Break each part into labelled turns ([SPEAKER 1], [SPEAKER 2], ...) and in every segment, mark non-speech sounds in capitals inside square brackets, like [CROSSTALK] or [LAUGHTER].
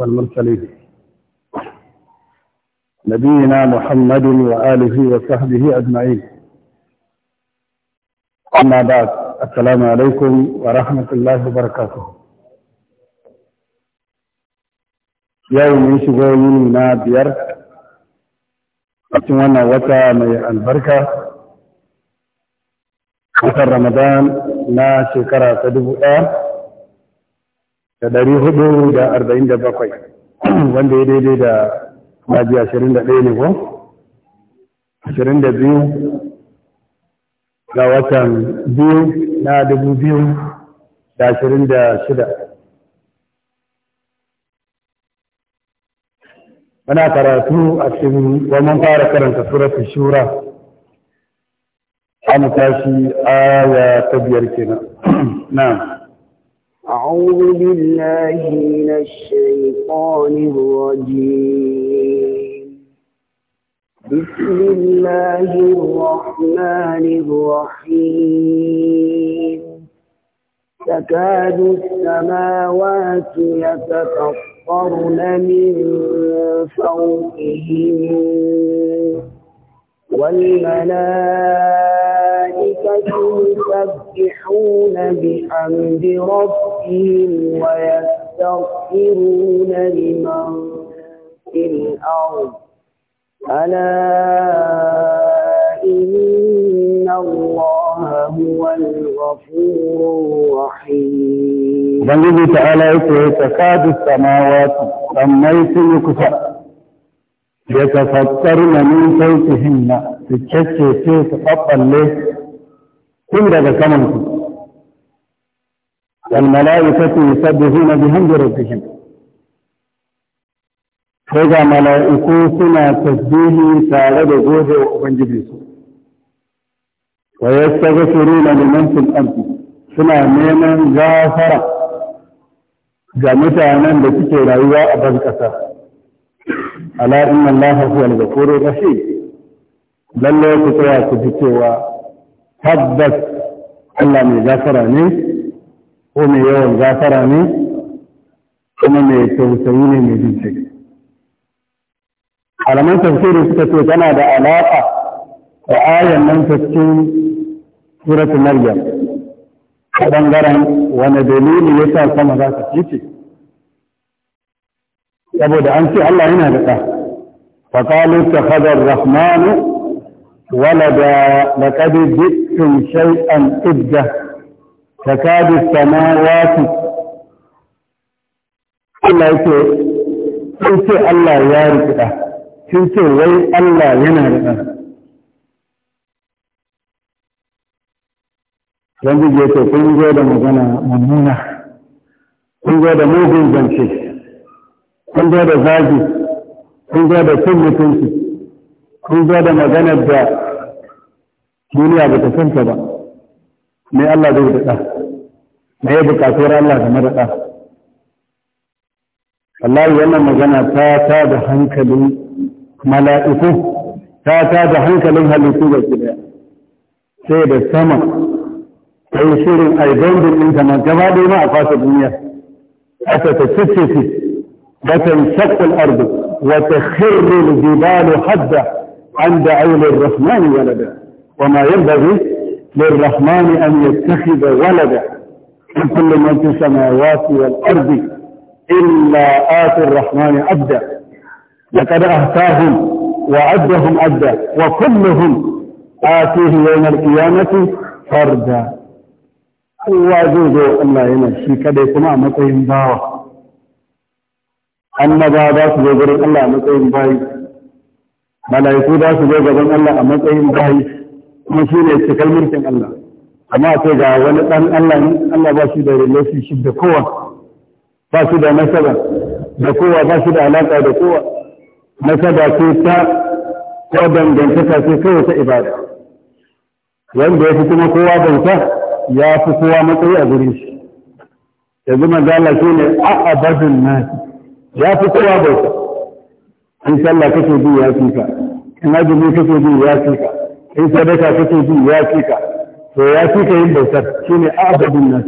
[SPEAKER 1] والمرسلين نبينا محمد وآله وصحبه أجمعين أما بعد السلام عليكم ورحمة الله وبركاته يوم يشغلون نابير أتمنى وتا من البركة watan Ramadan na shekara ta dubu ɗaya da ɗari hudu da arba'in da bakwai [CLEARS THROAT] wanda ya daidai da maji ashirin da ɗaya ne ko ashirin da biyu ga watan biyu na dubu biyu da ashirin da shida muna karatu a cikin wannan fara karanta suratul shura an tashi aya ta biyar kenan [CLEARS THROAT] na'am
[SPEAKER 2] أعوذ بالله من الشيطان الرجيم بسم الله الرحمن الرحيم تكاد السماوات يتفطرن من فوقهم والملائكة يسبحون بحمد ربهم ويستغفرون لمن في الأرض ألا إن الله هو الغفور الرحيم. بنجي تعالى تكاد
[SPEAKER 1] السماوات سميت يكفأ يتفطرن من فوقهن في الشك في تفضل له كل هذا كمان والملائكة يسبحون بهمد ربهم فإذا ملائكوسنا تسبيح تعالى جوه وأبن جبريس ويستغفرون لمن في الأرض سنا نيمن غافرة جمتا من بكتير أيها أبن كثير ala inna allaha huwa al-ghafurur rahim lalle ku tsaya ku ji cewa tabbas Allah mai gafara ne ko mai yawan gafara ne kuma mai tausayi ne mai bincike
[SPEAKER 3] alaman tafsiri suka ce tana da alaƙa da ayan nan ta cikin suratul maryam ta bangaren wani dalili yasa sama za ta
[SPEAKER 1] fice يبدا انت الله هنا بقى فقالوا اتخذ الرحمن ولدا لقد جئتم شيئا ابدا تكاد السماوات الله يكفي انت الله يا رجل انت وي الله هنا بقى yanzu je ce kun zo da magana mummuna kun zo da mugun zance kun zo da zagi kun zo da cin mutunci kun zo da maganar da duniya ba ta santa ba me Allah zai daɗa me ya bukatuwar Allah da madaɗa wallahi wannan magana ta ta da hankalin mala'iku ta ta da hankalin halittu ga ke daya sai da sama ta yi shirin aibon ɗin ta ma gaba ɗaya ma a fasa duniya aka ta cece وتنشق الأرض وتخر الجبال حدا عند عين الرحمن ولدا وما ينبغي للرحمن أن يتخذ ولدا من كل من في السماوات والأرض إلا آتي الرحمن عبدا لقد أهتاهم وعدهم عدا وكلهم آتيه يوم القيامة فردا الله جوزه الله يمشي كده كما مطيم باوه annaba za su zo gurin Allah a matsayin bayi malaiku za su zo gaban Allah a matsayin bayi kuma shi ne cikar mulkin Allah amma sai ga wani dan Allah ne Allah ba shi da relationship da kowa ba shi da nasaba da kowa ba shi da alaka da kowa nasaba ce ta ko dangantaka ce kawai ta ibada wanda ya fi kuma kowa bauta ya fi kowa matsayi a gurin shi yanzu manzo Allah shine a'abadun nasi ya fi kowa bauta in sallah kake bi ya fi ka in azumi kake bi ya fi ka in sadaka kake bi ya fi ka to ya fi ka yin bautar shine abadun nas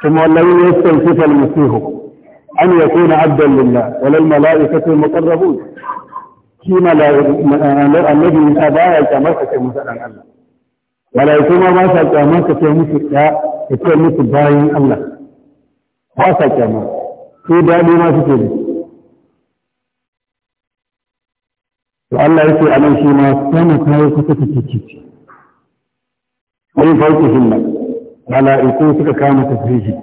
[SPEAKER 1] kuma lam yastansifa al-masih an yakuna abdan lillah wal malaikatu muqarrabun
[SPEAKER 3] shi annabi Isa ba ya kyamar ka
[SPEAKER 1] ce musu ɗan Allah.
[SPEAKER 3] Malaiku ma ba sa kyamar ka
[SPEAKER 1] ce musu ɗa ka ce musu bayan Allah. ba sa kyama sai daɗi ma suke da to Allah yake a nan shi ma sama kayi kusa ta cece wani farko hinna mala'iku suka kama ta tafrihi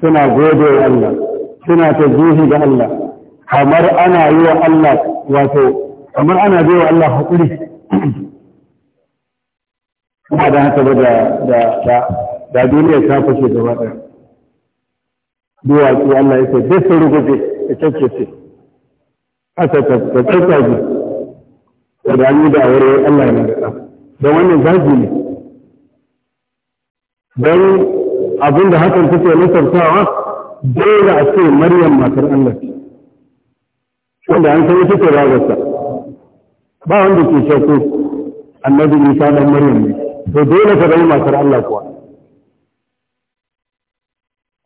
[SPEAKER 1] suna gode wa Allah suna ta tasbihi ga Allah kamar ana yi wa Allah wato kamar ana bai wa Allah haƙuri kuma da haka ba da da da duniya ta fashe gaba ɗaya duwatsu Allah ya ce duk sun ruguje da kyakkyace aka kyakkyace da rani da wuri Allah ya nuna da wannan zagi ne don abin da hakan take nasartawa dole a ce maryam matar Allah ce wanda an san take ragarsa ba wanda ke shakku annabi Isa dan maryam ne to dole ka zama matar Allah kuwa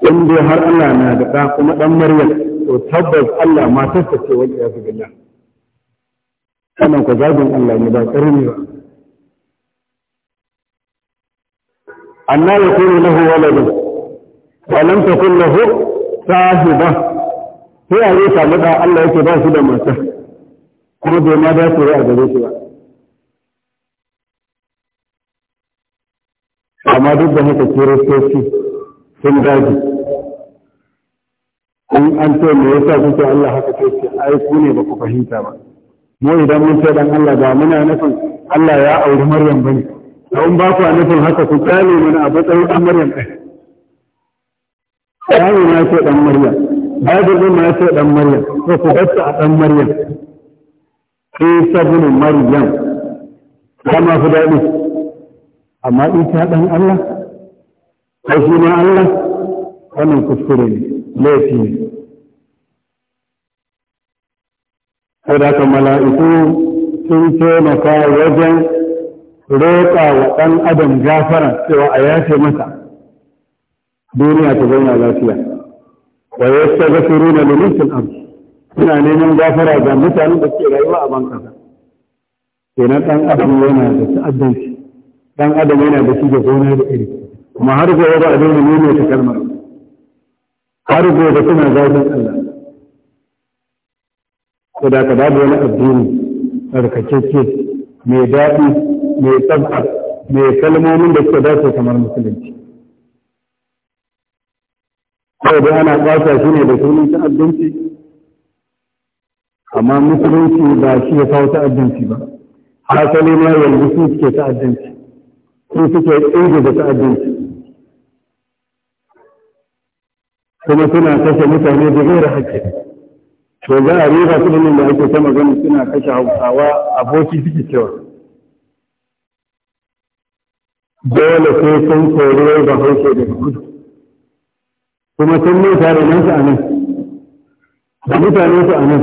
[SPEAKER 1] in dai har Allah na da ɗa kuma ɗan Maryam to tabbas Allah ma ce wani ya billah sannan ku zagin Allah ne ba ƙarni ba anna yakunu lahu waladun wa lam takun lahu sahiba sai a yi samu da Allah yake ba shi da mata kuma bai ma dace a gare shi ba amma duk da haka kiristoci sun gaji in an ce me yasa kuke Allah haka ce ce ai ku ne ba ku fahimta ba mu idan mun ce dan Allah ba muna nufin Allah ya auri Maryam bane don ba ku nufin haka ku kale mana a matsayin dan Maryam ɗin kale na ce dan Maryam Bible na ce dan Maryam ko ku gasta a dan Maryam Isa bin Maryam kama fi daɗi amma ita dan Allah ko shi Allah wannan kuskure ne laifi ne sai da mala'iku sun taimaka wajen roƙa wa ɗan adam gafara cewa a yace masa duniya ta zauna lafiya wa ya ta ga suru na lulukin abu
[SPEAKER 3] suna neman gafara ga mutanen
[SPEAKER 1] da ke rayuwa a bankasa kenan ɗan adam yana da ta'addanci ɗan adam yana da shi da gona da iri kuma har gobe ba a daina nuna ta kalmar har gobe suna zafin Allah ko da ka babu wani addini tsarkakeke mai daɗi mai tsabta mai kalmomin da suka dace kamar musulunci kawai dai ana ƙasa shi ne da sunan ta'addanci amma musulunci ba shi ya kawo ta'addanci ba hasali ma yanzu su suke ta'addanci
[SPEAKER 3] su suke ɗaiɗe da ta'addanci kuma suna kashe mutane da gaira hakki
[SPEAKER 1] to za a riba su da ake ta magana suna kashe hausawa aboki suke cewa dole sai sun kori da hausa da kudu kuma sun ne da nan a nan da mutane su a nan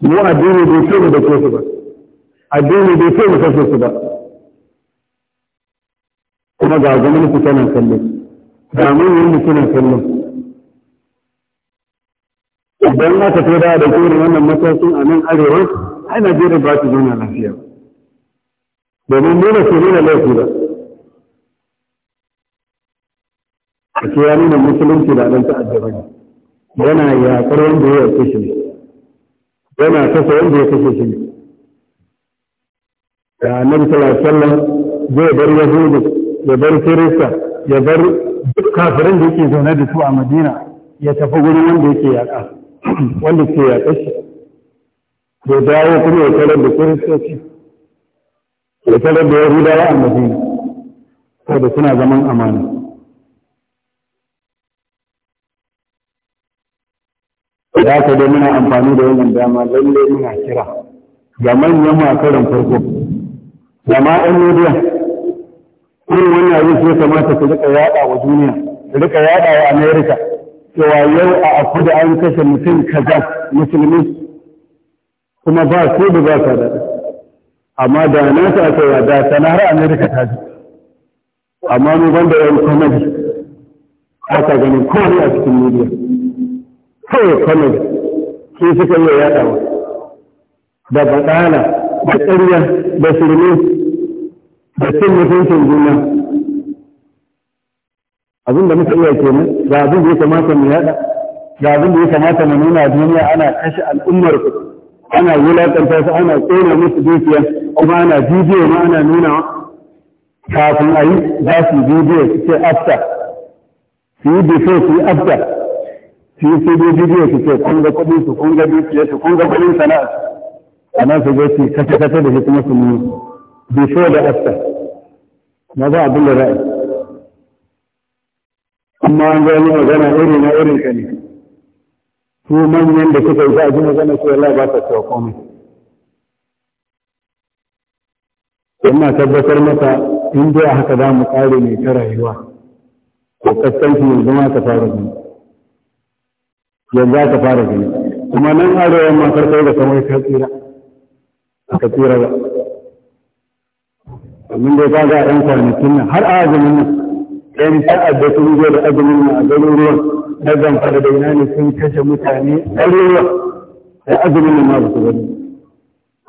[SPEAKER 1] mu addini bai ce mu da su ba addini bai ce mu kashe su ba kuma ga gwamnati tana kallon ga mun yi na kallon idan aka to da da irin wannan matakin a nan arewa ai Najeriya ba ta zauna lafiya domin mu nuna su nuna laifi ba a ce ya nuna musulunci da ɗan ta'addaba ne yana yaƙar wanda ya kashe shi ne yana kasa wanda ya kashe shi ne da nan sallallahu alaihi zai bar yahudu ya bar kirista ya bar
[SPEAKER 3] duk kafirin da yake
[SPEAKER 1] zaune da su a madina ya tafi wurin wanda yake yaƙa wanda ke ya shi ya dawo kuma ya tarar da kiristoci ya tarar da yahudawa a madina saboda suna zaman amana da aka dai muna amfani da wannan dama lallai muna kira ga manyan makaran farko da ma ɗan media irin wannan abin ya kamata su rika yaɗa wa duniya su rika yaɗa wa america cewa yau a aku da an kashe mutum kaza musulmi kuma ba ko da ba ka da amma da na ta cewa da sana har amerika ta ji amma mu ban da yan comedy aka gani komai a cikin media kawai comedy su suka yi yadawa da baɗala da ƙarya da shirme
[SPEAKER 3] da cin mutuncin juna
[SPEAKER 1] abin da muka iya kenan ga abin da ya kamata mu yada ga abin da ya kamata mu nuna duniya ana kashe al'ummar ku ana wulakanta su ana tsona musu dukiya kuma ana bidiyo ma ana nuna
[SPEAKER 3] kafin a yi za su bidiyo su ce afta su yi bifo su yi afta su yi sai dai bidiyo su ce kun ga kuɗin su kun ga dukiya
[SPEAKER 1] su kun ga kuɗin sana'a a nan su ga su kace kace da shi kuma su nuna bifo da afta na za abin da ra'ayi amma an zai magana iri na irin ka ne su manyan da suka yi a ji magana su Allah ba sa cewa komai ina tabbatar mata in dai haka za mu kare ne ta rayuwa ko kaskanci ne zama ka fara gani yanzu ka fara gani kuma nan arewa ma karkar da kamar ka tsira ka tsira ba domin dai ka ga ɗan kwanakin nan har a azumin nan yan ta'adda sun zo da azumin a ruwan, na zamfara da daina ne sun kashe mutane ɗaruruwa
[SPEAKER 3] da azumin na masu su gani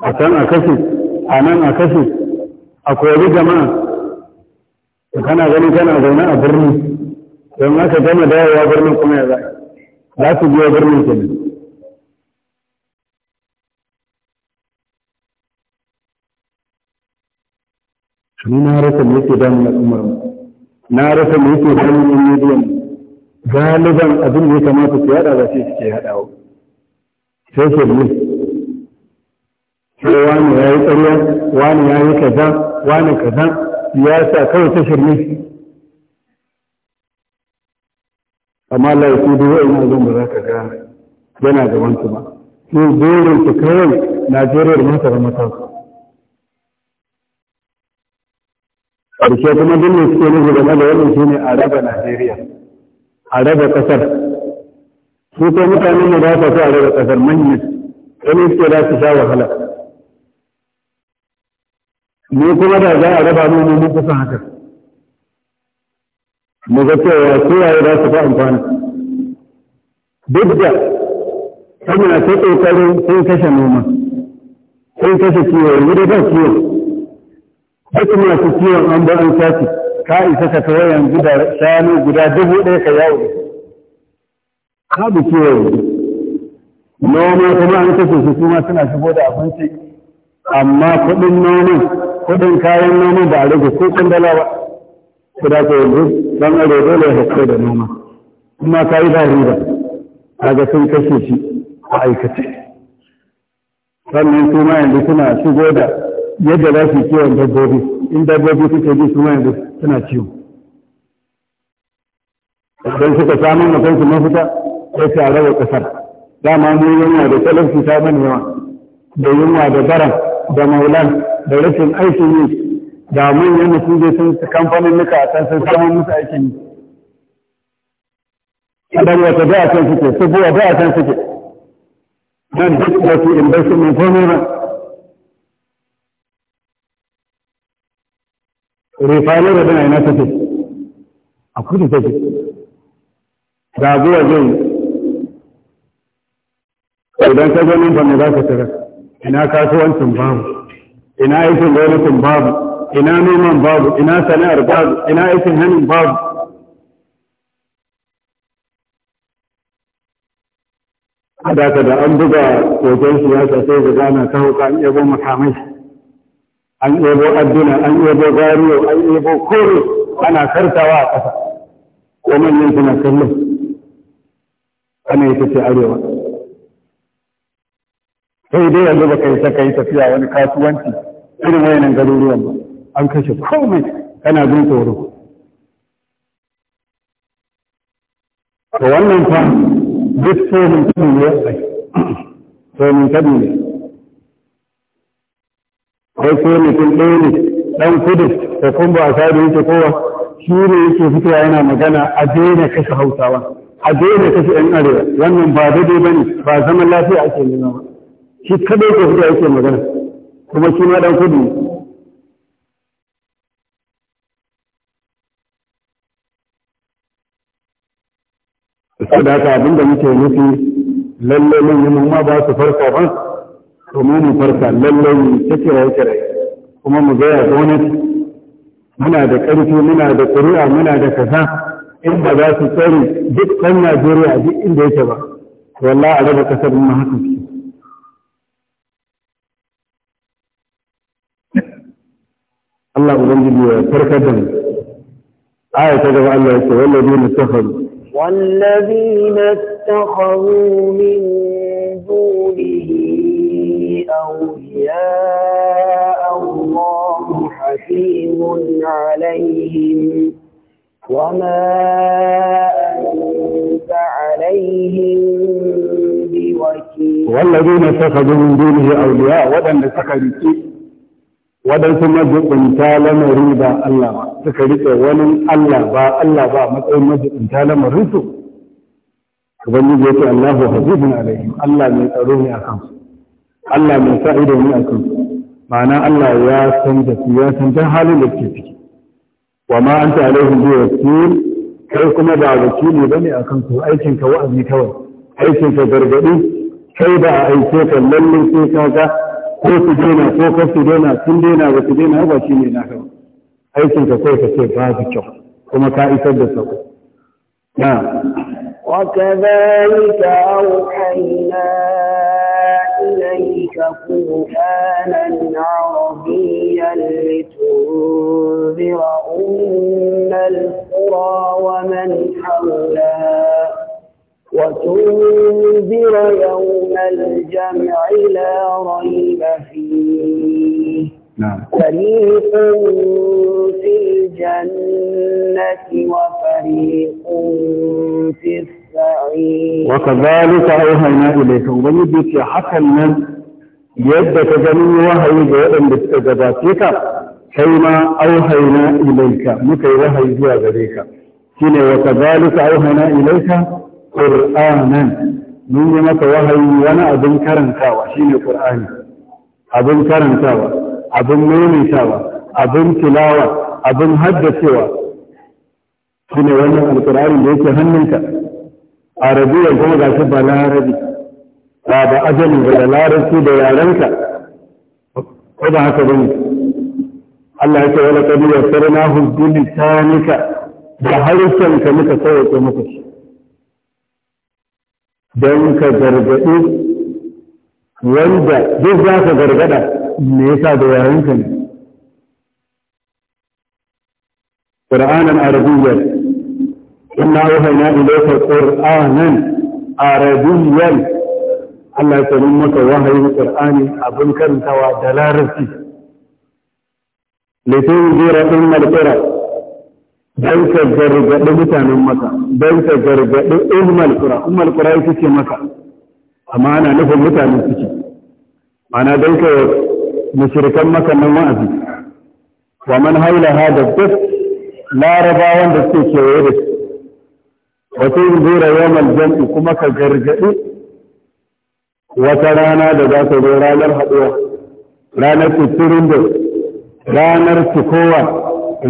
[SPEAKER 1] a can a kashe a nan a kashe a kori jama'a
[SPEAKER 3] kana gani kana zaune a birni
[SPEAKER 1] don haka gama dawowa birnin kuma ya za'a za su biyo birnin ke ni na harafin yake damun al'ummar mu na rasa mai ke sanin medium galiban abin da ya kamata su yada ba sai suke wa sai su ne sai wani ya yi tsariya wani ya yi kaza wani kaza ya sa kawai ta shirme amma laifi da yau ina zan ba za ka ga yana gaban su ba sai jerin su kawai najeriya da masar matansu ƙarshe kuma duk mai suke nufi game da wannan shine a raba najeriya a raba ƙasar su kai mutanen mu ba sa so a raba ƙasar manyan wani suke za su sha wahala ni kuma da za a raba mu mu kusa haka mu ga cewa kowaye za su fi amfani duk da kamar ta ƙoƙarin sun kashe noma sun kashe kiwo yanzu dai ba kiwo duk masu ciwon an bar an sace ka isa ka kawai yanzu da shanu guda dubu ɗaya ka yawo da ka bi kiwo yanzu noma kuma an kashe su kuma suna shigo da abinci amma kuɗin noman kuɗin kayan noman ba a rage ko kandala ba
[SPEAKER 3] ku da ka yanzu
[SPEAKER 1] don aro dole ya hasko da noma kuma ka yi ba riba ga sun kashe shi a aikace sannan kuma yanzu suna shigo da yadda za su kiwon dabbobi in dabbobi suka ji su yanzu suna ciwo idan suka samun mutum su mafita sai su raba ƙasar. dama mu yunwa da talauci ta mana yawa da yunwa da baran da maulan da rashin aikin yi da mun yi mutum zai sun kamfanin nuka a kan sun samun musu aikin yi idan wata da a can suke su buwa da a can suke nan duk wasu in bai su mai komai ba rifanin rabin a ina take a kudu take raguwa zai idan ka gani ba za ka tara ina kasuwancin babu ina aikin gwamnatin babu ina noman babu ina sana'ar babu ina aikin hannun babu da da an buga wajen siyasa sai da gana ta hauka an yabo makamai an ɗebo adduna an ɗebo gariyo an ɗebo kore ana kartawa a ƙasa ko manyan suna kallon
[SPEAKER 3] ana yi ce arewa
[SPEAKER 1] sai dai yanzu ba kai sai kai tafiya wani kasuwanci irin wayanan garuruwan ba an kashe komai kana jin tsoro to wannan fa duk sai mun tabi ne sai mun tabi ne kai ko mutum ɗaya ne ɗan kudu da kun ba a da yake kowa shi ne yake fitowa yana magana a daina kashe hausawa a daina kashe ɗan arewa wannan ba daidai ba ne ba zaman lafiya ake nema ba shi kadai ko fitowa yake magana kuma shi ma ɗan kudu
[SPEAKER 3] saboda haka abinda muke nufi lallai mun yi ma ba su farko ba to farka lallai ta kiraye kiraye
[SPEAKER 1] kuma mu gaya gwamnati muna da ƙarfi muna da ƙuri'a muna da kasa inda za su tsari duk ɗan Najeriya duk inda yake ba wallahi a raba ƙasar mu haka Allah ubangiji ya farkar da mu آية تجب wallahi يكون والذين wallahi
[SPEAKER 2] والذين اتخذوا من دونه أولياء الله حفيظ عليهم وما أنت عليهم بوكيل
[SPEAKER 3] والذين اتخذوا من دونه أولياء
[SPEAKER 1] ودن سكرتي ودن ثم جبن تالم ريبا الله سكرتي ولن الله با الله با مطعم جبن تالم رسو ubangiji ya ce Allahu hafizun alaihim Allah mai tsaro ne a kansu Allah mai sa ido ne akan ma'ana Allah ya san da su ya san dan halin da ke ciki wa ma an anta alaihim zai wakil kai kuma ba wakili a kan su aikin ka wa'azi kawai aikin ka gargaɗi kai ba a aike ka lallai sai ka ga ko su daina ko ka su daina sun daina ba su daina ba shi ne
[SPEAKER 3] na kawai aikin ka kai ka ce ba su kyau kuma ka isar da sako na
[SPEAKER 2] وكذلك أوحينا إليك قرآنا عربيا لتنذر أم القرى ومن حولها وتنذر يوم الجمع لا ريب فيه نعم. فريق في الجنة وفريق في السعير wa kadhalika auhayna
[SPEAKER 1] ilayka ubangiji yake hakan nan yadda ka gani wahayi ga waɗanda suka gabace ka kai ma auhayna ilayka muka yi wahayi zuwa gare ka shine wa kadhalika auhayna ilayka qur'anan mun yi maka wahayi wani abin karantawa shine qur'ani abin karantawa abin maimaitawa abin tilawa abin da yake hannunka arabiyan kuma ga shi ba larabi ba da ajali ba da larabci da yarenka ko ba haka bane Allah ya ce wala qad yassarnahu bi tanika da ka muka sauke muka shi Dan ka gargaɗi wanda duk za ka gargada me yasa da yarenka ne Qur'anan arabiyyar inna wahayna ilayka qur'anan arabiyyan Allah ya sanin maka wahayin qur'ani abin karantawa da larabci litin jira din malqira dan ka gargadi mutanen maka dan ka gargadi ilmal qura ummal qura yake ce maka amma ana nufin mutanen suke ma'ana dan ka mushrikan maka nan wa'azi wa man haula hada duk larabawan da suke kewaye da su wa tunzura yawmal jam'i kuma ka gargaɗi. wata rana da za ta zo ranar haɗuwa ranar tsirin da ranar tukowa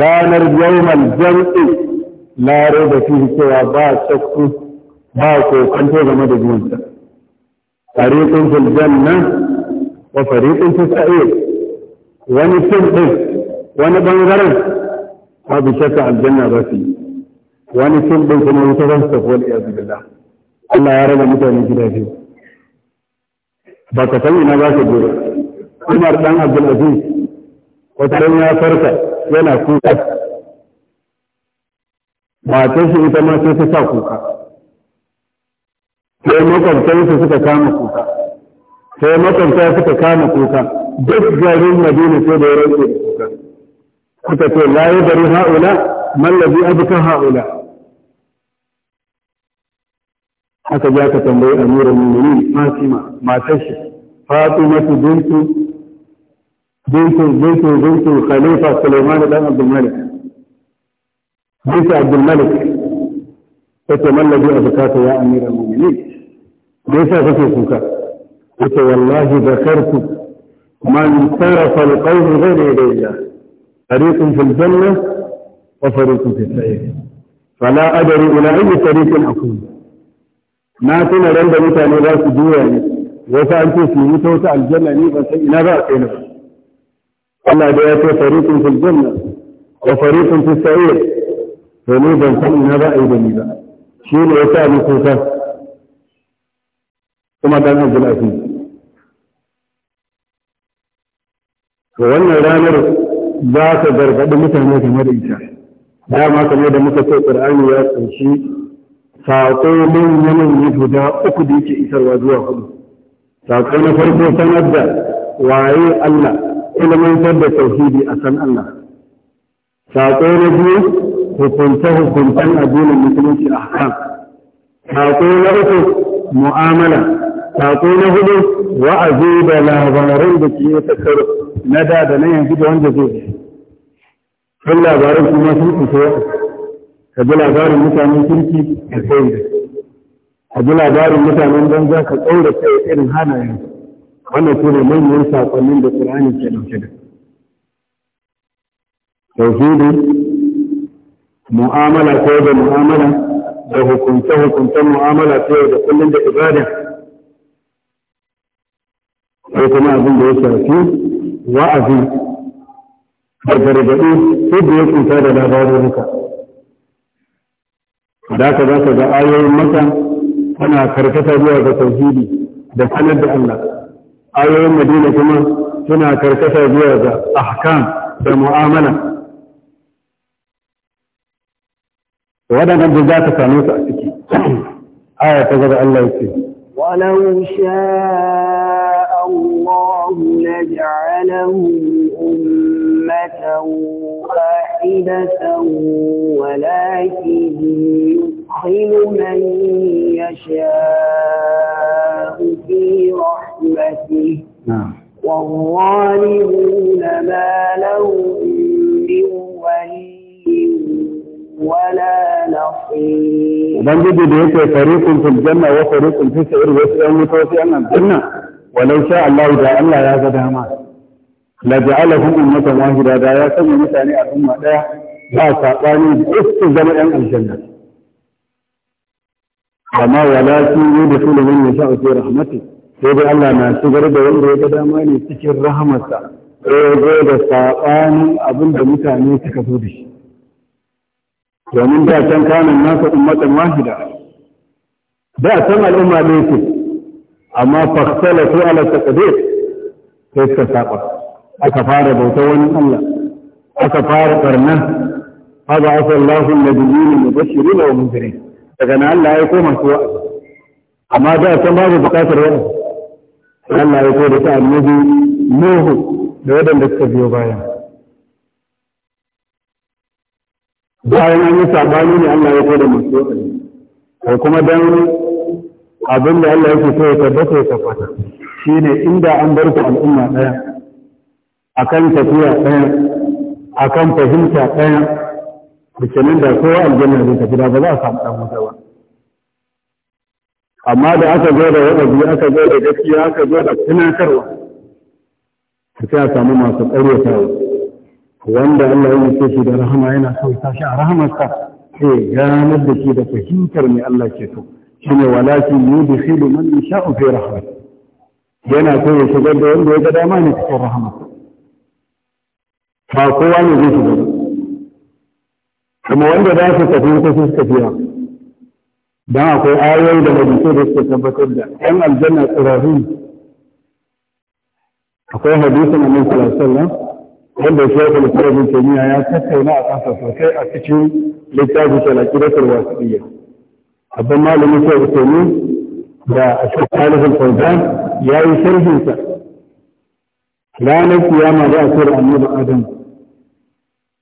[SPEAKER 1] ranar yawmal jam'i na raiba fihi cewa ba shakku ba kokanto game da zuwanta fariqun fil janna wa fariqun fis sa'ir wani sun wani bangaren bi shakka aljanna ba su yi wani fim ɗin kuma ta zan tafi wani yanzu zubilla Allah ya raba mutane gida biyu ba ka san ina ba ka gobe Umar dan Abdul Aziz wata dan ya farka yana kuka matar shi ita ma sai ta sa kuka sai makwabtansu suka kama kuka sai makwabta suka kama kuka duk garin Madina sai da ya rantsa kuka suka ce la yadri haula man ladhi abka haula aka ja ka tambayi amiran mu'minin Fatima matar shi Fatima bintu bintu bintu bintu Khalifa Suleiman dan Abdul Malik bintu Abdul Malik tace mallabi azkata ya amira mu'minin me yasa kake kuka tace wallahi zakartu man sarafa alqawm ghayra yadayya fariqun fil janna wa fariqun fis sa'ir فلا أدري إلى أي طريق أكون na tuna ran da mutane za su juya ne wasu an ce su yi ta wata aljanna ne ban san ina za a kai na ba Allah da ya ce fariqun fil janna wa fariqun fis sa'ir to ni ban san ina za a yi da ni ba shi ne ya sa ni kuka kuma dan Abdul Aziz to wannan ranar za ka gargaɗi mutane game da ita dama kamar da muka ce Qur'ani ya tsinci saƙo manya da uku da yake isarwa zuwa hudu saƙo na farko sanar da waye Allah ilmantar da tauhidi a san Allah saƙo na biyu hukunta-hukuntan addinin musulunci a kan saƙo na uku mu'amala saƙo na hudu wa'azi da labaran da ke tattaro na da da na yanzu da wanda zai sun labaran kuma sun isa ka ji labarin mutanen kirki ka sai da ka ji labarin mutanen banza ka tsaura kai irin halayen wannan su ne manyan sakonnin da Qur'ani ke dauke da tauhidi mu'amala ko da mu'amala da hukunta hukunta mu'amala ko da kullum da ibada sai kuma abin da ya shafi wa'azi da gargaɗi sai da ya cuta da labarin da ka za ka ga ayoyin maka tana karkata zuwa ga tauhidi da sanar da Allah ayoyin madina kuma suna karkata zuwa ga ahkam da mu'amala waɗannan da za ka same su a ciki aya ta gaba Allah ya ce
[SPEAKER 2] walau sha Allah laj'alahum ummatan wahidatan يدخل من يشاء في رحمته نعم والظالمون ما لهم من ولي ولا
[SPEAKER 1] نصير وبنجد بيك فريق في الجنة وفريق في السعير ويسأل متوسي أن الجنة ولو شاء الله جاء الله يا قداما لجعلهم أمة واحدة دا يا ثم مثاني الأمة دا لا تعطاني بإست جمع الجنة
[SPEAKER 3] amma wala da walakin yudkhulu
[SPEAKER 1] man yasha'u fi rahmatih sai dai Allah na shigar da wanda ya ga dama ne cikin rahamarsa sai zo da sabanin abin da mutane suka so da shi domin da can kanan nasa ummatan wahida da can al'umma ne ce amma faksala su ala taqdir sai suka saba aka fara bauta wani Allah aka fara barna hada asallahu nabiyyin mubashirin wa munzirin daga na Allah ya koma su wa'azi amma da san babu bukatar wa'azi Allah ya koma ta annabi Nuhu da waɗanda suka biyo bayan bayan an yi sabani ne Allah ya koma
[SPEAKER 3] masu wa'azi kuma dan
[SPEAKER 1] abin da Allah yake so ya tabbata ya tabbata shine inda an bar ku al'umma ɗaya akan tafiya ɗaya akan fahimta ɗaya da kenan da kowa aljanna zai tafi da ba za a samu dan wuta ba amma da aka zo da wa'azi aka zo da gaskiya aka zo da tunatarwa sai a samu masu ƙaryatawa wanda Allah ya yi shi da rahama yana so ya tashi a rahamarsa sai ganar da shi da fahimtar mai Allah ke so shine shi da man yasha'u fi rahama yana so ya shigar da wanda ya ga dama ne cikin rahama ba kowa ne zai shigar kuma wanda za su tafi ko su tafiya dan akwai ayoyi da hadisi da suke tabbatar da ɗan aljanna tsirarun akwai hadisin annabi sallallahu alaihi wasallam wanda shi ya kula da jami'a ya tattauna a kansa sosai a cikin littafin shalakidatul wasiyya abban malamin sai usaini da a cikin talibin fauzan ya yi sharhinsa ranar kiyama za a tura annabi adam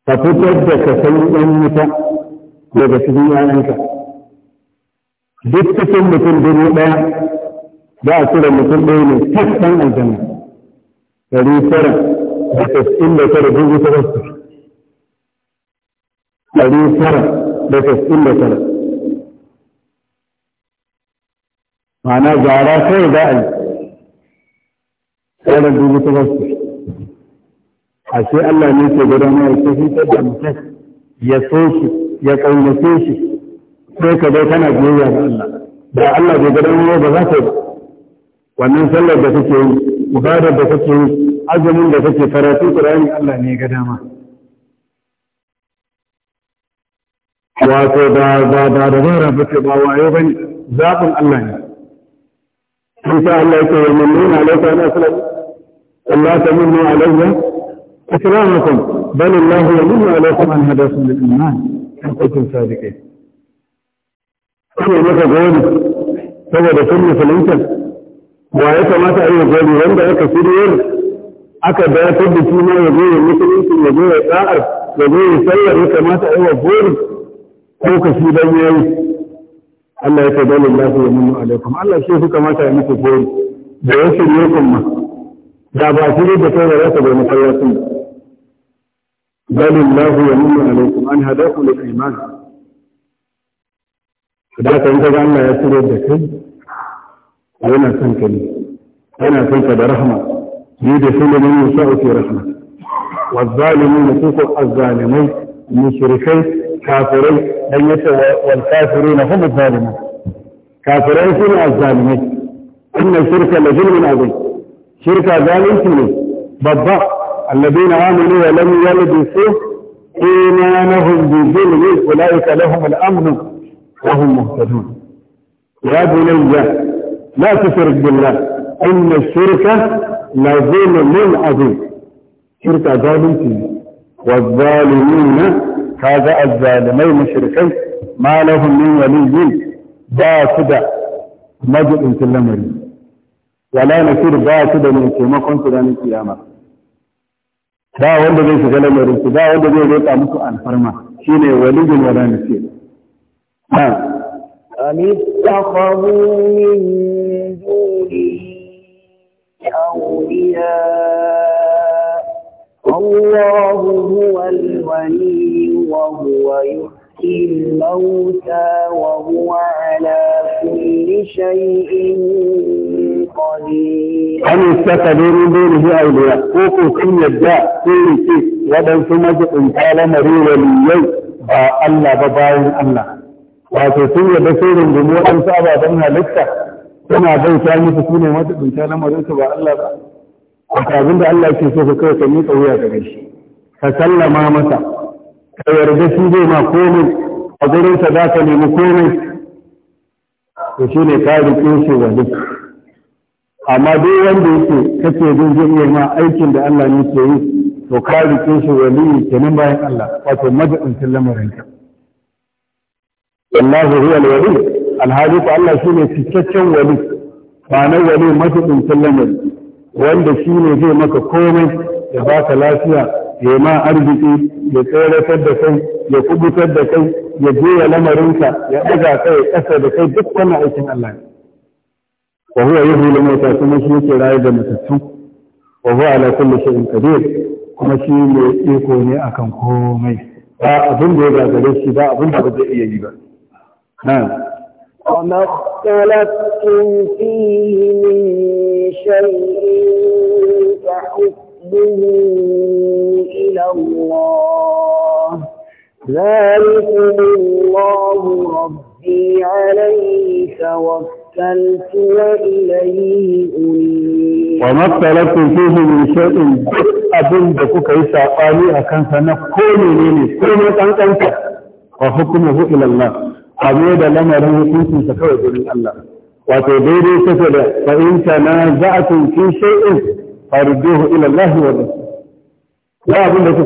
[SPEAKER 3] ففتت لك سيئا متى هناك سيئا متى جبت كل كل دنيا لا أكل مثل دين تحت الجنة فلي سرى لتسئل ترى جوه
[SPEAKER 1] تغسر فلي سرى لتسئل ترى معنى جارة سيدا أي سرى جوه ashe Allah ne ke gudanar da shi da mutum ya so shi ya ƙaunace shi sai ka zo kana biyayya ga Allah da Allah bai gudanar ba za ka yi wannan sallar da kake yi ibadar da kake yi azumin da kake karatu Qur'ani Allah ne ga dama wato da ba da da zara ba ce ba wayo bane zaɓin Allah ne in sha Allah ya ce wa mamnuna alaika na sallallahu Allah ta minna alaika إكرامكم بل الله يمن عليكم أن هداكم للإيمان إن كنتم صادقين
[SPEAKER 3] أنا مaka gori saboda sun musulunta wa ya kamata a yi gori wanda aka shiryar aka da shi ma ya zo ya musulunci ya
[SPEAKER 1] zo ya ya zo sallar ya kamata a yi wa gori ko ka shi dan yayi Allah ya ce dalilin lafiya mun alaikum Allah shi su ya muku gori da ya shirye kun da ba shi ne da kai da zaka bai masallacin bal Allah yamin alaikum an hadakum lil iman da kan ga Allah ya tsire da kai yana son ka ne yana son ka da rahma ni da shi ne mun sa ku rahma wa zalimin ku ko azzalimai mushrikai kafirai dan yace wal kafiruna hum zalimun kafirai sune azzalimai inna shirka la zulmun azim شركة ذلك بضاء الذين آمنوا ولم يلبسوا إيمانهم بظلم أولئك لهم الأمن وهم مهتدون يا بني لا تشرك بالله إن الشركة لظلم من عظيم شركة ذلك والظالمين هذا الظالمين مشركين ما لهم من ولي باسدة مجد انت اللمرين wala nasir ba su da mai taimakon su ranar kiyama ba wanda zai shiga lamarin su ba wanda zai roƙa musu alfarma shine walidin wala nasir
[SPEAKER 2] ha أم اتخذوا من دونه أولياء الله هو الولي وهو يحيي الموتى وهو على كل شيء
[SPEAKER 1] an istaqadu min dunihi awliya ko ko sun yadda sun ce waɗansu majibinta lamari waliyai ba Allah ba bayan Allah wato sun yadda sun rungumi waɗansu ababen halitta suna bauta musu su ne majibinta lamarinsu ba Allah ba wata abin da Allah ke so ka kai ka miƙa wuya daga shi ka sallama masa ka yarda shi zai ma komai a gurinsa za ka nemi komai
[SPEAKER 3] to shi ne ka riƙe shi wa duk
[SPEAKER 1] amma duk wanda yake zan jin zai ma aikin da Allah ne ke yi to ka rike shi waliyi kenan bayan Allah wato majibincin Allah wallahu huwa alwali alhali ko Allah shi shine cikakken wali ba na wali majibincin lamarin wanda shi ne zai maka komai ya baka lafiya ya ma arziki ya ta da kai ya kubutar da kai ya juya lamarinka ya ɗaga kai ya ƙasa da kai duk wannan aikin Allah ne wa huwa yuhyi al-mauta kuma shi yake rayar da matattu wa huwa ala kulli kuma shi ne iko ne akan komai ba abin da ya gagare shi ba abin da ba zai iya yi ba
[SPEAKER 3] na'am
[SPEAKER 2] وما اختلفتم فيه من شيء فحكمه إلى الله ذلكم الله ربي عليه توكل
[SPEAKER 1] Wa matsalatun fihim min shay'in duk abin kuka yi sabani a kansa na ko ne ne ko ne kankanta wa hukumu ila Allah abu da lamarin hukuncin sa kawai gurin Allah wato daidai take da fa in kana Allah kuka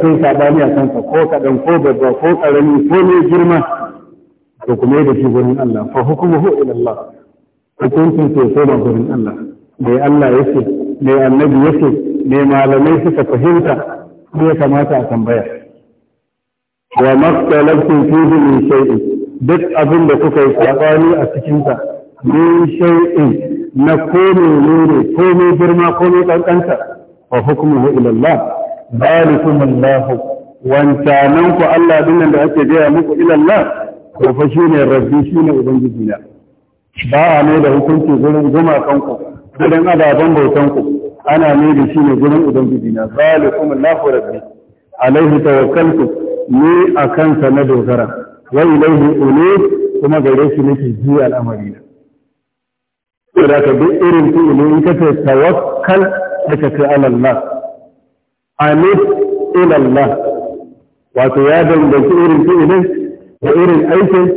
[SPEAKER 1] yi sabani a kansa ko kadan ko babba ko karami ko ne kuma da shi hukuncin teku da gurin Allah ya Allah yake ya annabi yake mai malamai suka fahimta ya kamata a tambaya wa maktalabtum fihi min shay'in duk abin da kuka yi sabani a cikin sa min shay'in na kome ne kome girma kome kankanta wa hukmuhu ila Allah dalikum Allah wancanan ku Allah dinnan da ake gaya muku ila Allah ko fa shine rabbi shine ubangiji na
[SPEAKER 3] ba a ne da hukunci
[SPEAKER 1] gurin gumakanku gurin ababen bautanku ana ne da shi ne gurin ubangiji na zalikum allahu rabbi alaihi tawakkaltu ni a kansa na dogara wa ilaihi ulid kuma gare shi nake ji al'amari na saboda ka duk irin ne in ka ce tawakkal da ka ce alallah alif ilallah wato ya danganci irin ne? da irin aikin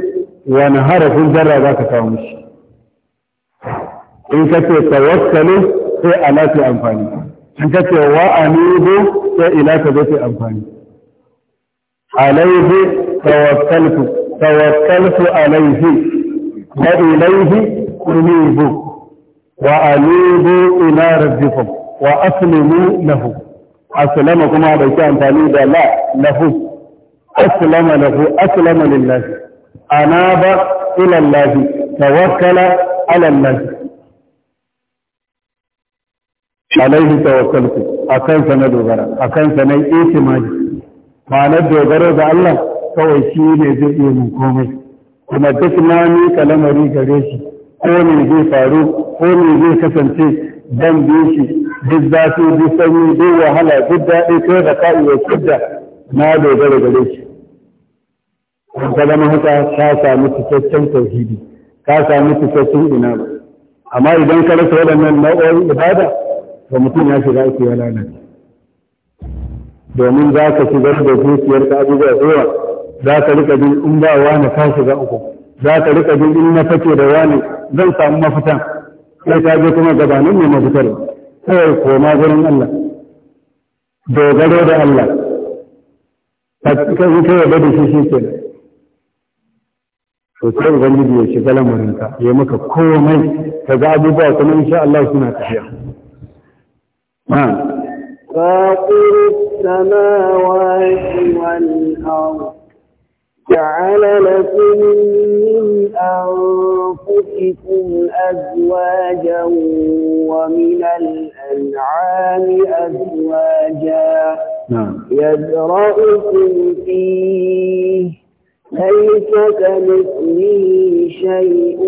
[SPEAKER 1] wani harafin jarra za ka kawo mishi in ka ce tawakkalu sai ala ta amfani in ka ce wa anibu sai ila ta zai amfani alayhi tawassaltu tawassaltu alayhi wa ilayhi unibu wa anibu ila rabbikum wa aslimu lahu aslama kuma da ke amfani da la lahu aslama lahu aslama lillahi anaba ila allahi tawakkala ala allahi alaihi tawakkaltu akan sa na dogara akan sa na itimadi ma'anar dogaro ga Allah kawai shi ne zai iya mun komai kuma duk na ni kalamari gare shi ko ne zai faru ko ne zai kasance dan bi shi duk zafi duk sanyi duk wahala duk daɗi ko da ka'i wa kidda na dogara gare shi ka haka ka sami cikakken tauhidi ka sami cikakken ina amma idan ka rasa waɗannan nau'o'in ibada ba mutum ya shiga uku ya lalace domin za ka shigar da zuciyar ka abubuwa tsowa za ka rika jin in ba wa na ka shiga uku za ka rika jin in na fake da wani zan samu mafita. sai ka je kuma gabanin ne mafitar kawai koma gurin Allah dogaro da Allah ka in kai yadda da shi shi ke to sai ubangiji ya shiga lamarinka ya maka komai ka ga abubuwa kuma insha Allah suna tafiya
[SPEAKER 2] نعم فاطر السماوات والأرض جعل لكم من أنفسكم أزواجا ومن الأنعام أزواجا نعم. يدرأكم فيه ليس كمثله شيء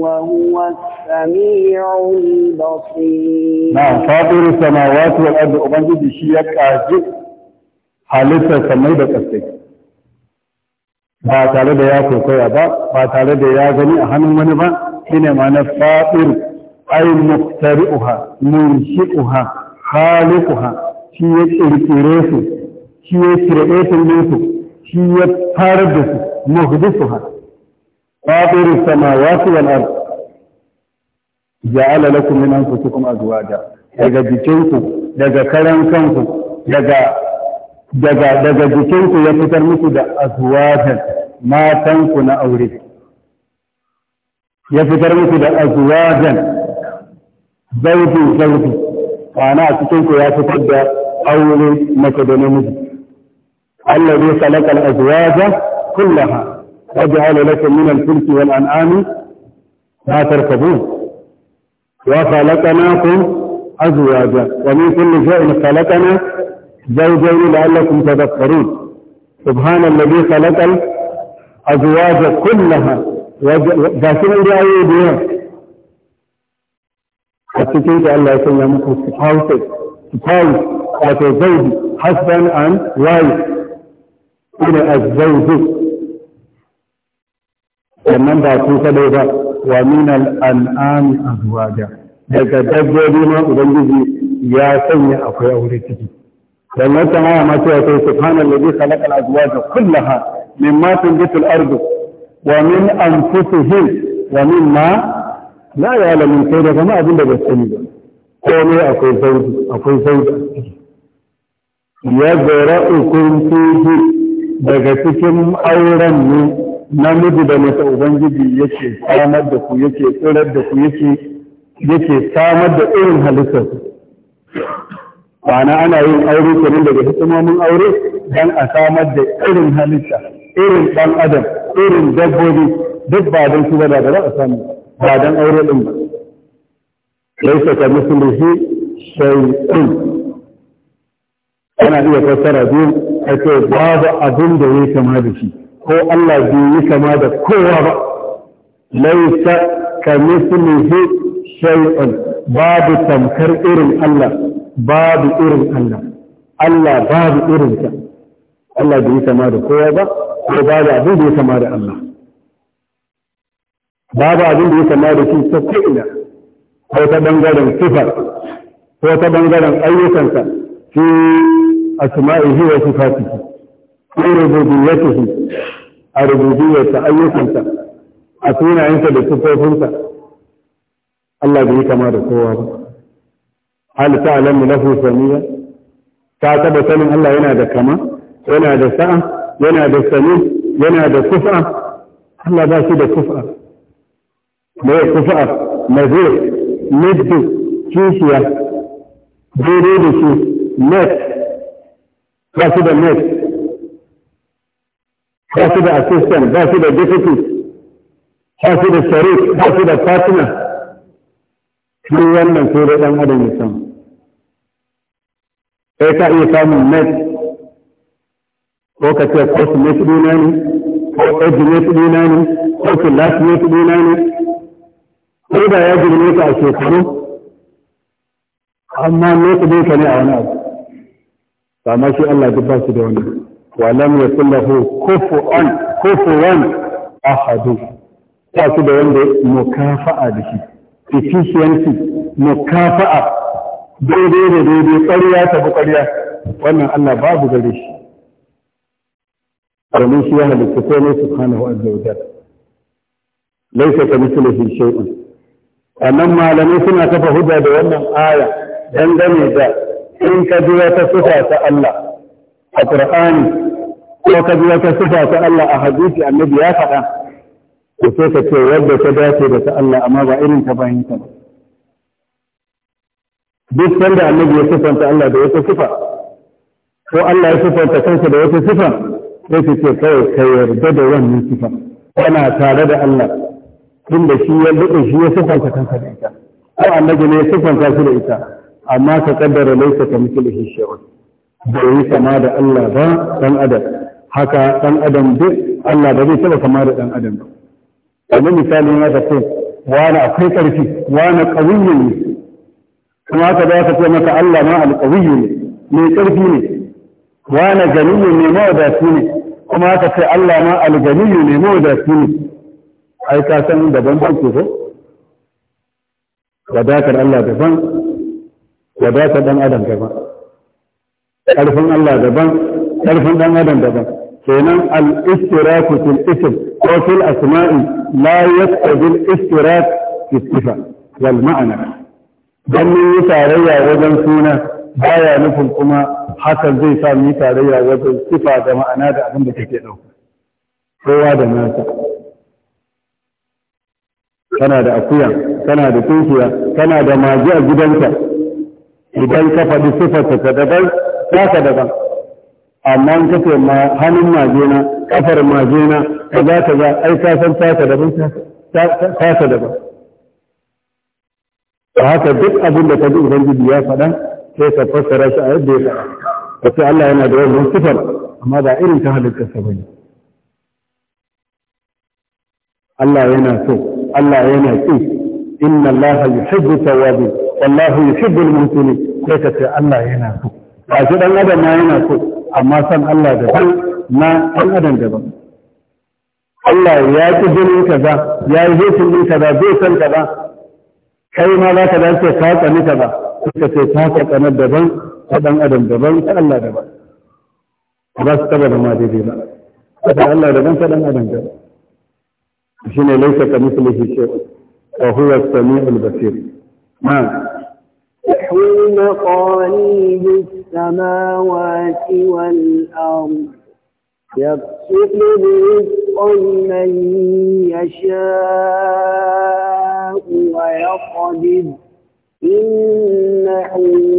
[SPEAKER 2] وهو السميع البصير نعم فاطر السماوات والأرض shi ya أجب
[SPEAKER 1] halittar samai da ƙasai
[SPEAKER 2] ba tare da ya kokoya
[SPEAKER 1] ba ba tare da ya gani a hannun wani ba shine ma na faɗir ai muftari'uha murshi'uha khaliquha shi ya kirkire shi ya creating su shi ya fara da su ja'ala lakum min anfusikum azwaja daga jikinku daga karan kanku daga
[SPEAKER 3] daga daga jikinku ya
[SPEAKER 1] fitar muku da azwajan matanku na aure ya fitar muku da azwajan zauji zauji ma'ana a cikinku ya fitar da aure mace da namiji
[SPEAKER 3] Allah الذي خلق الأزواج
[SPEAKER 1] كلها وجعل لكم من الفلك والأنعام ما تركبون وخلقناكم أزواجا ومن كل شيء خلقنا زوجين لعلكم تذكرون سبحان الذي خلق الأزواج كلها وجاسم الرأي بها أتكين قال الله سنة مكو سحاوته سحاوته أتو زوج حسبا عن وايف إلى الزوج لمن باتو سبيبا ومن الأنعام أزواجه daga dabbobi ma ubangiji ya sanya akwai aure ciki dan wata ma ma cewa sai subhanallahi khalaqa al-azwaja kullaha mimma tunbitu al-ardu wa min anfusihim wa mimma la ya'lamun sai da kuma abin da ba sani ba komai akwai sauki akwai sauki ya ukun fihi daga cikin auren ne namiji da mata ubangiji yake samar da ku yake tsirar da ku yake yake samar da irin halittar ma'ana ana yin aure kenan daga hikimomin aure dan a samar da irin halitta irin ɗan adam irin dabbobi duk ba don su ba da za a samu ba don aure ɗin ba laisa ka mislihi shay'un ana iya fassara biyu a ce babu abin da ya kama da shi ko Allah bai yi kama da kowa ba laisa ka mislihi shay'un babu tamkar irin Allah babu irin Allah Allah babu irin ta Allah bai sama da kowa ba ko babu abin da ya sama da Allah babu abin da ya sama da shi ta ko'ina ko ta bangaren sifar ko ta bangaren ayyukansa fi asma'ihi wa sifatihi ko rububiyyatihi a ta ayyukansa a sunayensa da sifofinsa Allah bai kama da kowa ba hal ta'lamu lahu samia
[SPEAKER 3] ka taba sanin Allah yana da kama yana da sa'a yana da sami yana da kufa Allah ba shi da kufa
[SPEAKER 1] me kufa nazir niddu kishiya daidai da shi net ba shi da net ba shi da assistant ba shi da deputy ba shi da sharik ba shi da partner duk wannan sai dai ɗan adam ya samu sai ka iya samun net
[SPEAKER 3] ko ka ce cosmet na ne ko edgenet na ne ko classmate ɗina ne
[SPEAKER 1] ko da ya girme ka a shekaru amma net ɗin ka ne a wani abu amma shi Allah duk ba su da wani walam ya ko kullahu kufuwan ahadu ba su da wanda mukafa'a da shi efficiency mukafa'a daidai da daidai ƙarya ta bi ƙarya wannan Allah babu gare shi domin shi ya halitta komai subhanahu azza wa jalla laysa ka mithlihi shay'un annan malamai suna kafa hujja da wannan aya dangane da in ka ji wata sifa ta Allah a Qur'ani
[SPEAKER 3] ko ka ji wata sifa ta Allah a hadisi
[SPEAKER 1] annabi ya faɗa Ku sai ka ce wadda ta dace da ta Allah amma ba irin ta bayan ta duk sanda annabi ya sifanta Allah da wata sifa ko Allah ya sifanta kansa da wata sifa sai ku ce kawai ka yarda da wannan sifa kana tare da Allah tunda shi ya daɗe shi ya sifanta kansa da ita ko annabi ne ya sifanta shi da ita amma ka kaddara laisa ka mislihi shay'un bai yi sama da Allah ba dan adam haka dan adam duk Allah ba zai taba kama da dan adam ba kamar misali ya ka ce wani akwai ƙarfi wani ƙawiyu ne kuma haka za ka ce maka Allah ma alƙawiyu ne mai ƙarfi ne wani ganiyu ne mawadatu ne kuma ka ce Allah ma alganiyu ne mawadatu ne ai ka san daban ban ke ko wadatar Allah daban wadatar ɗan adam daban ƙarfin Allah daban ƙarfin ɗan adam daban kenan al-istiraku fil ism ko fil asma'i la yaqtadi al-istirak fi sifa wal ma'na dan mun yi tarayya wajen suna baya nufin kuma hakan zai sa mu tarayya wajen sifa da ma'ana da abin da kake dauka kowa da nasa kana da akuya kana da tunkiya kana da maji a gidanka idan ka faɗi sifarta ta daban za ka daban amma in kace ma hannun majina kafar majina kaza kaza ai ka san taka da daban taka daban da haka duk abin da ka ji ubangiji ya faɗa sai ka fassara shi a yadda ya faɗa ka ce Allah yana da wannan sifar amma ba irin ta halitta ba ne Allah yana so Allah yana so inna Allah yuhibbu tawwabin wallahu yuhibbul muhsinin sai ka ce Allah yana so ba shi dan adam ma yana so amma san Allah daban na ɗan adam daban Allah ya ki jinin kaza ya yi hutun ɗin kaza zai san kaza kai ma za ka dace ka tsani kaza suka ce ta ka tsanar daban ta ɗan adam daban ta Allah daban ba su taba da ma daidai ba ta Allah daban ta ɗan adam daban shi ne laisa ka mislihi ce, wa huwa as-sami'ul basir na'am
[SPEAKER 2] يحوي مقاليد السماوات والأرض
[SPEAKER 1] يبسط
[SPEAKER 2] برزقا من يشاء ويقدر إنه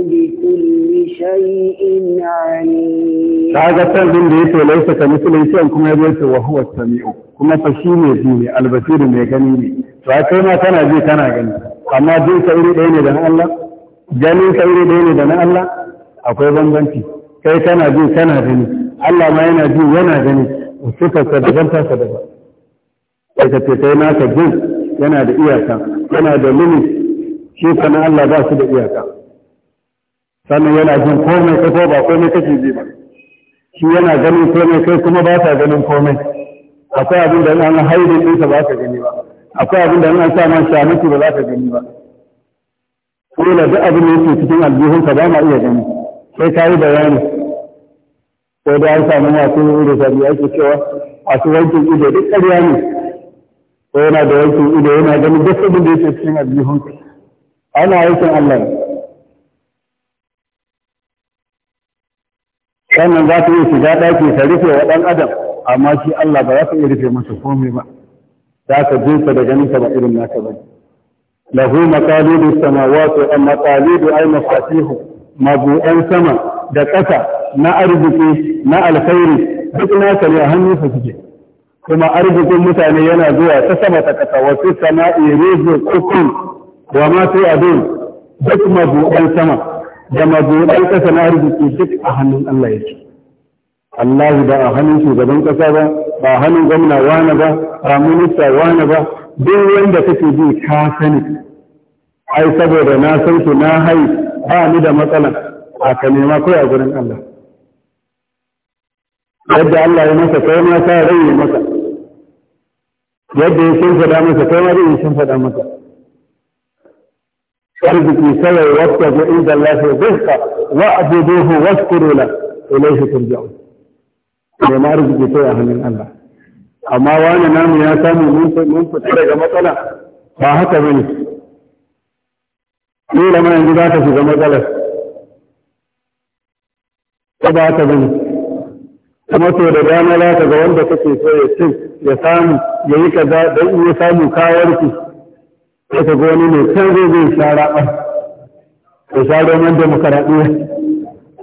[SPEAKER 2] بكل شيء عليم
[SPEAKER 1] هذا تنزل ليس وليس كمثل شيء كما يقول وهو السميع كما فشيني فيني البصير ما يغنيني فكما كان جي كان غني أما جي كيري ديني ده الله جاني كيري ديني ده الله akwai banbanci kai kana ji kana gani Allah ma yana ji yana gani suka ka daban ta ka daban sai ka ce kai naka jin yana da iyaka yana da mini shi kana Allah ba su da iyaka sannan yana jin komai ka ko ba komai kake ji ba shi yana ganin komai kai kuma ba ta ganin komai akwai abin da an haidin ɗinsa ba ka gani ba akwai abin da an sa man shamiki ba za ka gani ba Kuma da abin da yake cikin ka ba ma iya gani sai ta yi bayani ko da an samu masu da sabi ake cewa masu wankin ido duk ƙarya ne ko yana da wankin ido yana ganin duk abin da yake cikin aljihunka ana aikin Allah ne sannan za ta yi shiga ɗaki ta rufe wa ɗan adam amma shi Allah ba za ta iya rufe masa komai ba za ka jinsa da ganin ba irin naka ba lahu maqalidu samawati amma qalidu ay mafatihu mabu'an sama da ƙasa na arziki na alkhairi duk naka ne a hannunsa suke kuma arzikin mutane yana zuwa ta sama ta ƙasa wasu sama'i rizqukum wa ma tu'adun duk mabu'an sama da mabu'an ƙasa na arziki duk a hannun Allah yake Allah ba a hannun shugaban ƙasa ba ba a hannun gwamna wani ba ba minista wani ba duk wanda kake ji ka sani ai saboda na san su na hai ba ni da matsala. a ka nema ko a gurin Allah yadda Allah ya masa kai ma sa rai ya masa yadda ya shin fada masa kai ma zai shin faɗa masa arziki kawai wasta ga inda Allah ya rizqa wa abuduhu waskuru la ilayhi turja'un nema arziki sai a hannun Allah amma wani namu ya samu mun fita daga matsala ba haka bane dole ma yanzu za ka shiga matsalar ta ba ka gani kuma to da dama za ka ga wanda kake so ya cin ya samu ya yi kaza don iya samu kawarki sai ka ga wani ne can zai zai sha raɓar ya sha roman demokaraɗiyya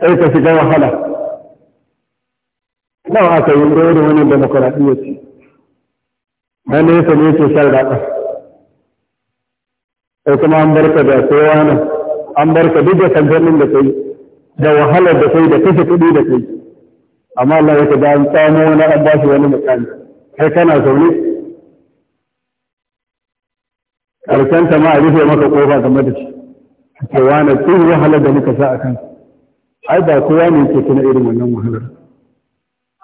[SPEAKER 1] sai ka shiga wahala nawa aka yi da wani demokaraɗiyya ce na nesa ne ke shan raɓar sai kuma an barka da kowa ne an barka duk da sanganin da kai da wahalar da kai da kashe kuɗi da kai amma Allah ya ta da an tsamo wani an ba shi wani mutane. kai kana zaune karshen ta ma a rufe maka kofa game da shi ke wani tsin wahalar da muka sa a kan ai ba kowa ne ke tuna irin wannan wahalar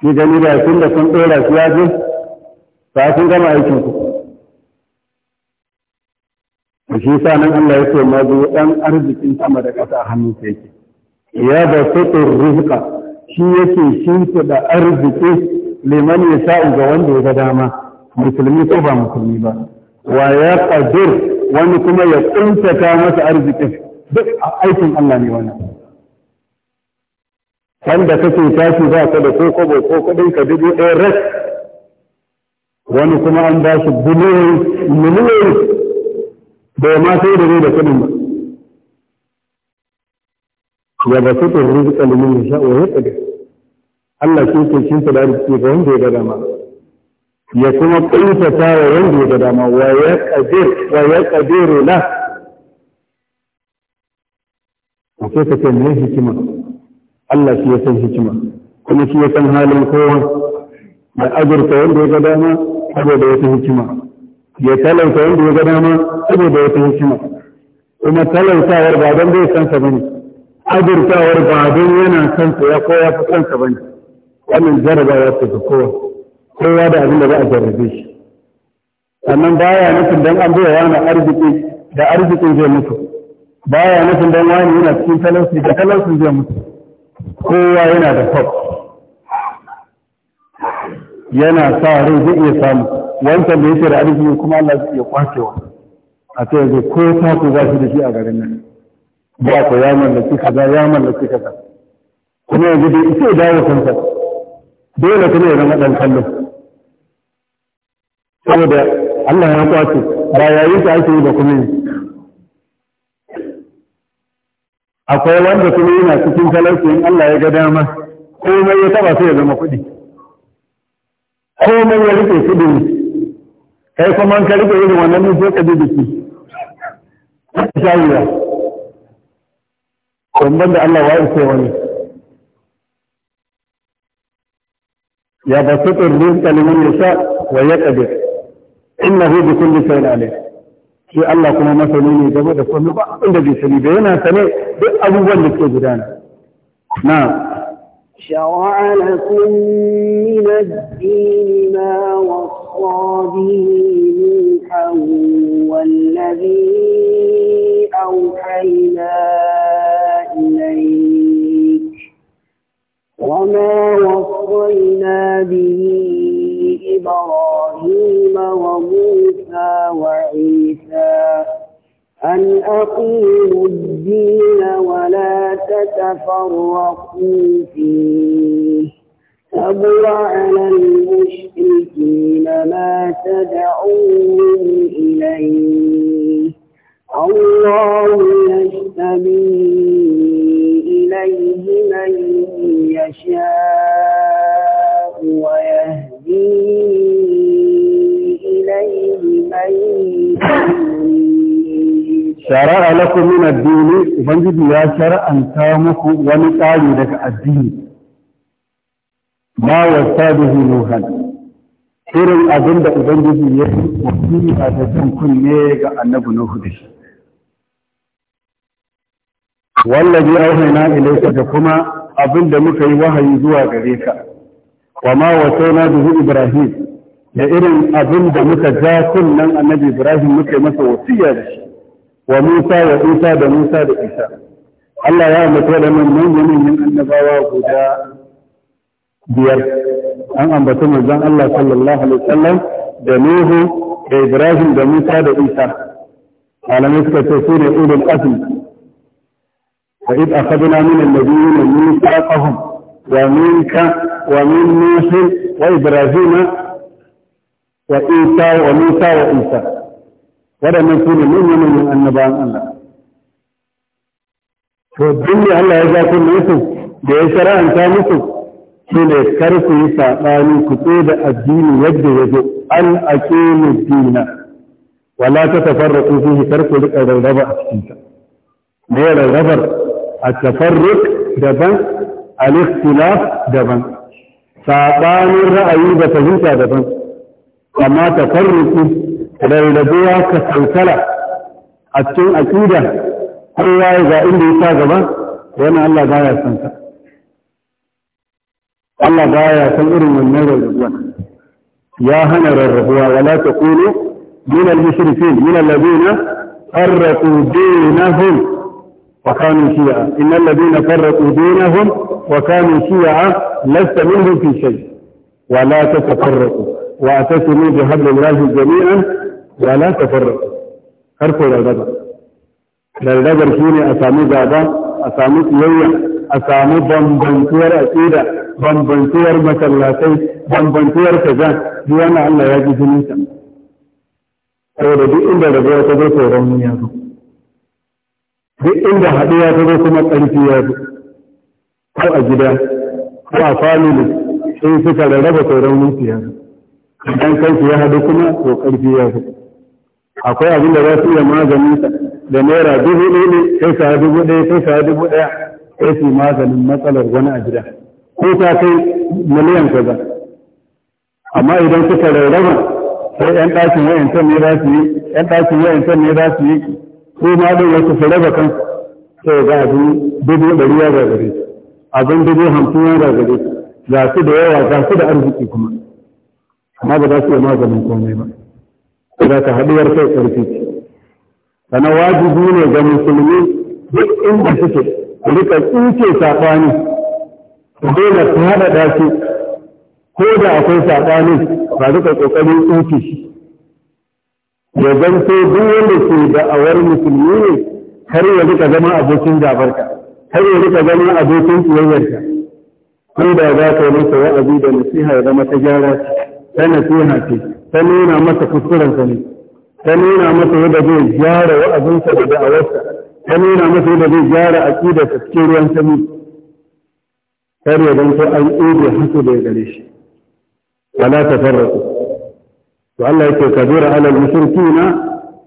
[SPEAKER 1] ni gani ba sun da sun ɗora su ya je ba sun gama aikin ku
[SPEAKER 3] da shi sa nan Allah ya ce ma
[SPEAKER 1] zo dan arzikin sama da ƙasa a hannun sa yake ya da fitur rizqa shi yake shinta da arziki liman yasha'u ga wanda ya ga dama musulmi ko ba musulmi ba wa ya qadir wani kuma ya kuntata masa arziki duk a aikin Allah ne wannan wanda kake tashi ba ka da ko kobo ko kudin ka dubu ɗaya rak wani kuma an ba shi biliyoyi miliyoyi bai ma sai da zai da kudin ba ya ba su tsoron rizika limin ya sha wa ya tsaga Allah shi ke cin da rizki ga wanda ya ga ma. ya kuma ta wa wanda ya ga ma wa ya kadir wa ya kadiru la a ce ka ce mai hikima Allah shi ya san hikima kuma shi ya san halin kowa da azurta wanda ya ga dama saboda wata hikima ya talauta wanda ya ga dama saboda wata hikima kuma talautawar ba don bai kansa ne azurtawar ba don yana kansa ya kowa fi kansa ne wannan jarabawa ya ga kowa kowa da abin da za a jarrabe shi sannan baya nufin don an bai wani arziki da arziki zai mutu baya nufin don wani yana cikin talauci da talauci zai mutu kowa yana da
[SPEAKER 3] kwaf yana sa rai zai iya samu
[SPEAKER 1] wancan da yake da arziki kuma Allah zai iya kwacewa a ce yanzu ko ta ku ba shi da shi a garin nan ba ko ya mallaki kaza ya mallaki kaza kuma yanzu dai ita ya dawo kansa dole kuma ya zama dan kallon saboda Allah ya kwace ba yayin ta ake yi ba kuma yi akwai wanda kuma yana cikin talauci in Allah ya ga dama komai ya taba sai ya zama kuɗi komai ya rike shi da kai kuma ka rike irin wannan ne sai ka bi biki shawiya kumban da Allah wa sai wani ya basutu rizqa liman yasha wa yaqdir innahu bi kulli shay'in alim shi Allah kuma masani ne game da komai ba abin da bai sani ba yana sane duk abubuwan da ke gudana na'am
[SPEAKER 3] شرع
[SPEAKER 2] لكم من الدين ما وصى به نوحا والذي أوحينا إليك وما وصينا به إبراهيم وموسى وعيسى أن أقيموا الدين ولا تتفرقوا فيه كبر على المشركين ما تدعوهم إليه الله يجتبي إليه من يشاء ويهدي إليه من shara'a lakum min ad-dini
[SPEAKER 1] ubangiji ya shara'anta muku wani tsari daga addini ma wasa bihi nuhan irin abin da ubangiji ya yi wakili a tafiyan kunne ga annabi nuhu da shi wallazi auhayna ilayka da kuma abin da muka yi wahayi zuwa gare ka wa ma wasaina bihi ibrahim da irin abin da muka ja kunnan annabi ibrahim muka yi masa wasiya da
[SPEAKER 3] shi wa Musa wa Isa da Musa da Isa Allah ya mutu da nan manyan manyan
[SPEAKER 1] annabawa guda biyar an ambata manzon Allah sallallahu alaihi wasallam da Nuhu da Ibrahim da Musa da Isa malamai suka ce su ne ulul azm wa id akhadna min an-nabiyyin mithaqahum wa minka wa min Nuh wa Ibrahim wa Isa wa Musa wa Isa waɗannan su ne manyan manyan annabawan Allah to duk da Allah ya zafi musu da ya shara'anta musu shi ne kar ku yi saɓani ku tso da addini yadda ya zo an aqimu dina wala ta tafarra tafarraqu shi kar ku rika rarraba a cikin sa me rarrabar a tafarruq daban al-ikhtilaf daban saɓanin ra'ayi da fahimta daban amma tafarruqu rarrabuwa ka sautara a cikin aƙida kowa ya ga inda ya sa gaba wannan Allah ba ya san ta Allah ba ya san irin wannan rarrabuwa ya hana rarrabuwa wala taqulu min al-mushrikeen min alladhina فرقوا دينهم وكانوا شيعا إن الذين فرقوا دينهم وكانوا شيعا لست منهم في شيء ولا تتفرقوا واعتصموا بحبل الله جميعا wala tafarraqu har ko rarraba rarrabar shi ne a sami gaba a sami tsiyayya a sami bambantuwar aqida bambantuwar masallatai bambantuwar kaza duk wannan Allah ya ji jinin sa saboda duk inda rabuwa ta zo to ya zo duk inda haɗuwa ta zo kuma ƙarfi ya zo ko a gida ko a family sai suka rarraba to rauni ya zo idan kansu ya haɗu kuma to ƙarfi ya zo akwai abin da za su iya magani da naira dubu ɗaya ne sai sa dubu ɗaya sai sa dubu ɗaya sai su maganin matsalar wani a gida ko ta kai miliyan kaza amma idan suka rarraba sai yan ɗakin can ne za su yi yan ɗakin can ne za su yi ko ma ɗin wasu su raba kan sai ga abin dubu ɗari ya gagare abin dubu hamsin ya gagare ga su da yawa ga su da arziki kuma amma ba za su iya maganin komai ba da ka haɗuwar kai ƙarfi ce sana wajibi ne ga musulmi duk inda suke rika tsince saɓani su su haɗa dace ko da akwai saɓani ba rika ƙoƙarin tsince shi ya zanto duk wanda ke awar musulmi ne kar ya rika zama abokin gabarka kar ya rika zama abokin tsiyayyarka ko da za ka yi masa wa'azi da nasiha ya zama ta gyara ta nasiha ce ta nuna masa kuskurensa ne ta nuna masa yadda zai gyara wa'azinsa da da'awarsa ta nuna masa yadda zai gyara aqidarsa cikin ruwan sami kar ya zanto an ebe hasu da gare shi wala ta tafarraqu to Allah yake kabira alal mushrikina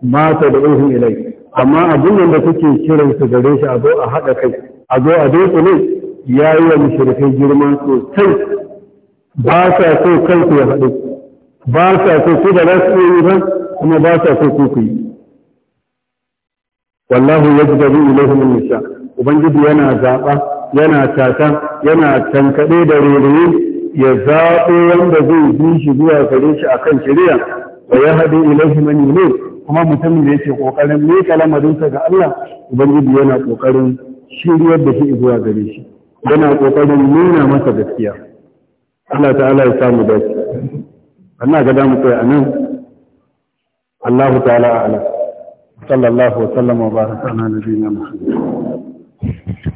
[SPEAKER 1] ma tad'uhum ilayhi amma abin da kuke kiran su gare shi a zo a haɗa kai a zo a dole ne ya yi wa mushrikai girman sosai ba sa so kanku ya haɗu ba sa so ku da za yi ba kuma ba sa so ku ku yi wallahu yajdabu ilaihim an-nisa ubangiji yana zaba yana tata yana tankade da rere ya zaɓo wanda zai bi shi zuwa gare shi akan shari'a wa yahdi ilaihim an-nur kuma mutumin da yake kokarin ne kalamarinsa ga Allah ubangiji yana kokarin shiryar da shi zuwa gare shi yana kokarin nuna masa gaskiya Allah ta'ala ya samu dace Allah ga damu kai anan Allah ta'ala a'lam sallallahu wa sallama wa baraka ala nabiyyina muhammad